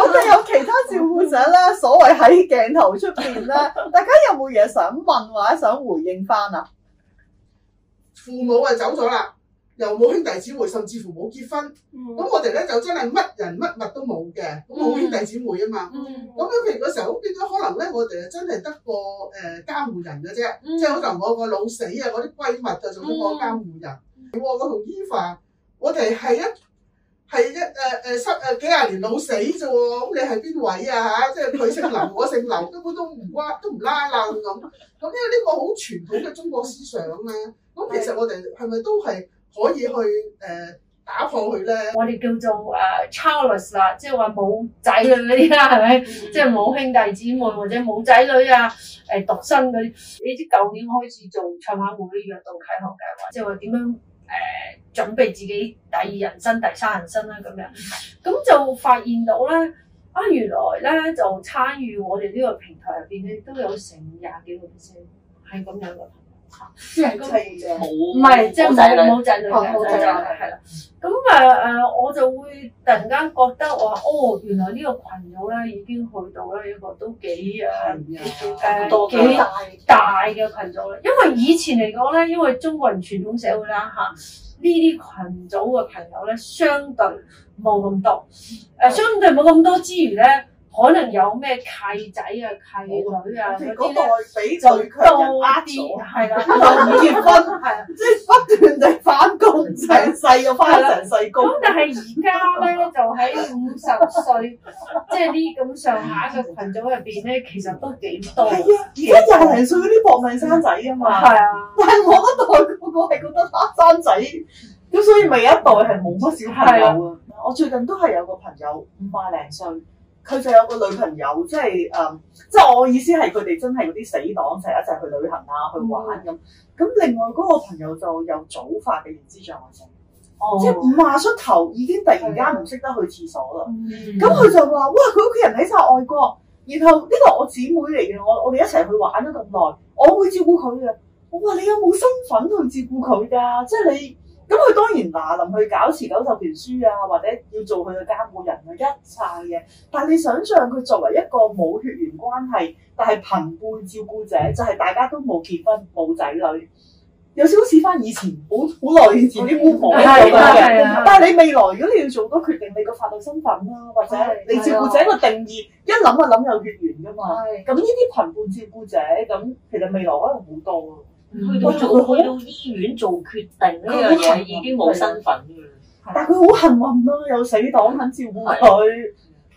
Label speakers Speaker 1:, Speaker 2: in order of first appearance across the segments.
Speaker 1: 我哋有其他照顧者咧，所謂喺鏡頭出
Speaker 2: 邊咧，大家有冇嘢想問或者想回應翻啊？父母啊走咗啦，又冇兄弟姊妹，甚至乎冇結婚，咁、嗯、我哋咧就真係乜人乜物都冇嘅，咁冇、嗯、兄弟姊妹啊嘛，咁樣譬如嗰時候，變咗可能咧，我哋真係得個誒監護人嘅啫，嗯、即係可能我個老死啊，我啲閨蜜就做咗個監護人。嗯嗯、我、e、va，我同 Eva，我哋係一。係一誒誒、呃、失誒、呃、幾廿年老死啫喎，咁、嗯、你係邊位啊嚇、啊？即係佢姓劉，我姓劉，根本都唔關，都唔拉冷咁。咁呢、嗯嗯嗯、個
Speaker 3: 好傳統嘅中國思想咧，咁、嗯嗯、其實我哋係咪都係可以去誒、呃、打破佢咧？我哋叫做誒、uh, Charles 啦，即係話冇仔女嗰啲啦，係咪？即係冇兄弟姊妹或者冇仔女啊？誒獨生嗰啲，你知舊年開始做唱話會入到啟航計劃，即係話點樣？誒、呃、準備自己第二人生、第三人生啦咁樣，咁就發現到咧，啊原來咧就參與我哋呢個平台入邊咧都有成廿幾個 percent 係咁樣嘅。即係都唔係即係冇好仔女嘅，係啦。咁啊啊，的 uh，我就會突然間覺得哇，哦，原來呢個群組咧已經去到咧一個都幾的啊誒幾個大大嘅群組咧。因為以前嚟講咧，因為中國人傳統社會啦吓，呢、啊、啲群組嘅朋友咧，相對冇咁多，誒、啊、相對冇咁多之餘咧。可能有咩契仔啊、契女啊嗰啲咧，就多啲係啦。就唔結婚係即
Speaker 1: 係不斷地翻工，成世咁翻成世工。咁但係而家咧，
Speaker 3: 就喺五十歲即係啲咁上下嘅群組入邊咧，其實都幾多
Speaker 1: 係啊！而家廿零歲嗰啲搏命生仔啊嘛，係啊。但係我一代個個係覺得生仔咁，所以咪一代係冇乜小朋友啊。我最近都係有個朋友五百零歲。佢就有個女朋友，即係誒、嗯，即係我意思係佢哋真係嗰啲死黨成日，就是，一齊去旅行啊，去玩咁。咁、嗯、另外嗰個朋友就有早發嘅認知障礙症，哦、即係五啊出頭已經突然間唔識得去廁所啦。咁佢、嗯、就話：哇，佢屋企人喺晒外國，然後呢個我姊妹嚟嘅，我我哋一齊去玩咗咁耐，我會照顧佢嘅。我話你有冇身份去照顧佢㗎？即係你。咁佢當然嗱，臨去搞持久授權書啊，或者要做佢嘅監護人啊，一曬嘅。但係你想象佢作為一個冇血緣關係，但係朋輩照顧者，就係、是、大家都冇結婚冇仔女，有少少似翻以前好好耐以前啲姑婆，但係你未來如果你要做嗰個決定，你個法律身份啦、啊，或者你照顧者嘅定義，一諗就諗有血緣噶嘛。咁呢啲朋輩照顧者，咁其實未來可能好多。嗯、去到仲要 醫院做決定，呢樣嘢已經冇身份嘅，的的但係佢好幸運啦、啊，有死黨肯照顧佢。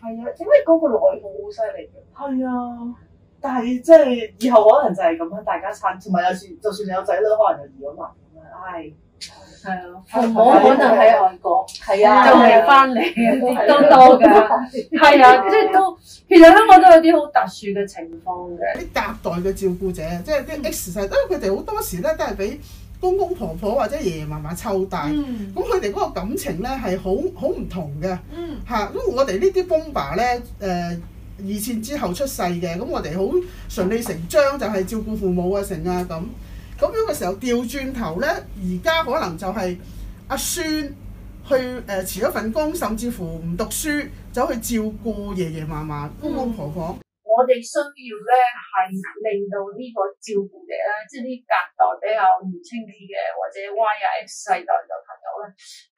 Speaker 1: 係啊的，點解嗰個內部好犀利嘅。係啊，但係即係以後可能就係咁樣，大家撐。同埋有時就算有仔女，可能有移咗民。係的，係啊，
Speaker 3: 父母可能喺外國。
Speaker 2: 係啊，就未翻嚟，跌到到㗎，係啊，即係都其實香港都有啲好特殊嘅情況嘅啲隔代嘅照顧者，即係啲 X 世，因為佢哋好多時咧都係俾公公婆婆或者爺爺嫲嫲湊大，咁佢哋嗰個感情咧係好好唔同嘅，嚇咁我哋呢啲 boom 爸咧誒二千之後出世嘅，咁我哋好順理成章就係照顧父母啊，成啊咁咁樣嘅時候，調轉頭咧，而家可能就係阿孫。去誒辭咗份工，甚至乎唔讀書，走去照顧爺爺嫲嫲公公婆婆。嗯、 我哋需要咧
Speaker 3: 係令到呢個照顧者咧，即係呢隔代比較年青啲嘅或者 Y 啊 X 世代嘅朋友咧，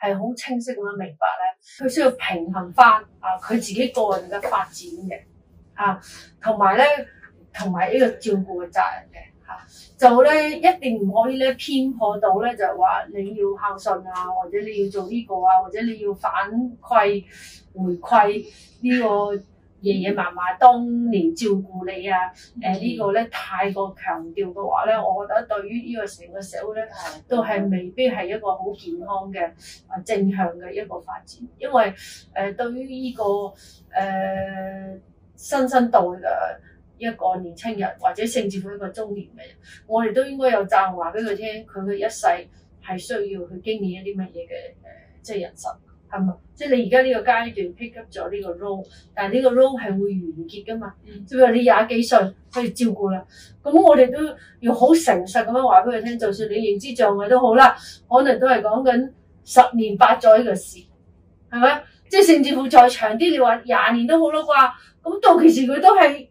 Speaker 3: 係好清晰咁樣明白咧，佢需要平衡翻啊佢自己個人嘅發展嘅啊，同埋咧同埋呢個照顧嘅責任嘅。就咧一定唔可以咧偏頗到咧，就係話你要孝順啊，或者你要做呢個啊，或者你要反饋回饋呢個爺爺嫲嫲當年照顧你啊，誒、呃這個、呢個咧太過強調嘅話咧，我覺得對於個呢個成個社會咧都係未必係一個好健康嘅啊正向嘅一個發展，因為誒、呃、對於呢、這個誒新生代嘅。呃深深一個年青人，或者甚至乎一個中年嘅人，我哋都應該有責任話俾佢聽。佢嘅一世係需要去經歷一啲乜嘢嘅誒，即係人生係咪？即係你而家呢個階段 pick up 咗呢個 role，但係呢個 role 係會完結噶嘛？即係、嗯、你廿幾歲去照顧啦，咁我哋都要好誠實咁樣話俾佢聽。就算你認知障礙都好啦，可能都係講緊十年八載嘅事，係咪？即係甚至乎再長啲，你話廿年都好囉啩？咁到其時佢都係。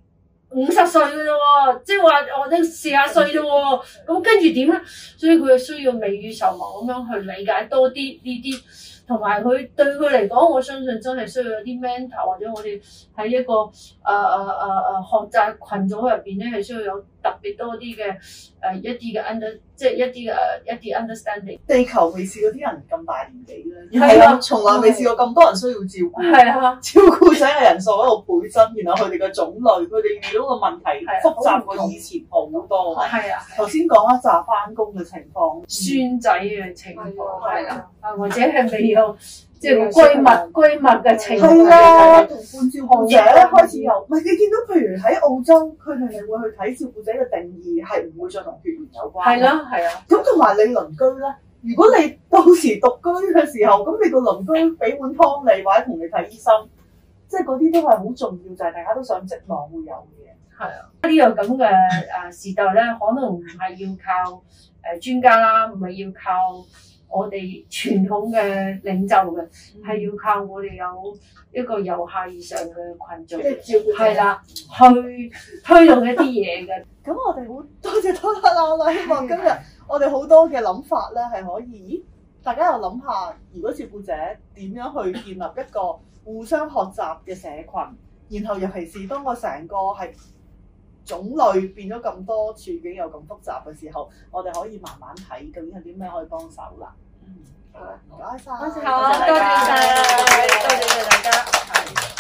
Speaker 3: 五十歲嘅啫喎，即係話我哋四十歲啫喎，咁跟住點咧？所以佢需要未雨綢繆咁樣去理解多啲呢啲，同埋佢對佢嚟講，我相信真係需要有啲 mental 或者我哋喺一個誒誒誒誒學習群組入邊咧，係需要有。特別多啲嘅誒一啲嘅、呃、under 即係一啲嘅一啲 understanding。地球未試過啲人咁大年紀咧，係啊，啊，從來未試過
Speaker 1: 咁多人需要照顧，係啊，照顧仔嘅人數喺度倍增，啊、然後佢哋嘅種類，佢哋 遇到嘅問題
Speaker 3: 複雜過以前好多。係啊，頭先講一紮返工嘅情況，啊嗯、孫仔嘅情況，係啊， 或者係未有。即係閨蜜、閨蜜嘅情況啦，
Speaker 1: 同伴、嗯啊、照顧者開始又唔係你見到，譬如喺澳洲，佢哋係會去睇照顧者嘅定義，係唔會再同血緣有關係。係啦，係啊。咁同埋你鄰居咧，如果你到時獨居嘅時候，咁你個鄰居俾碗湯你、啊、或者同你
Speaker 3: 睇醫生，即係嗰啲都係好重要，就係、是、大家都想織網會有嘅。係啊，呢個咁嘅誒時代咧，可能唔係要靠誒專家啦，唔係要靠。我哋傳統嘅領袖嘅係要靠我哋有一個由下而上嘅羣眾，係啦、嗯，去推動一啲嘢
Speaker 1: 嘅。咁 我哋好多謝多啦啦啦，希望今日我哋好多嘅諗法咧，係可以大家又諗下，如果照顧者點樣去建立一個互相學習嘅社群，然後尤其是當我成個係。種類變咗咁多，處境又咁複雜嘅時候，我哋可以慢慢睇究竟有啲咩可以幫手啦。嗯，好，唔該晒，好，多謝晒謝，多好謝晒大家。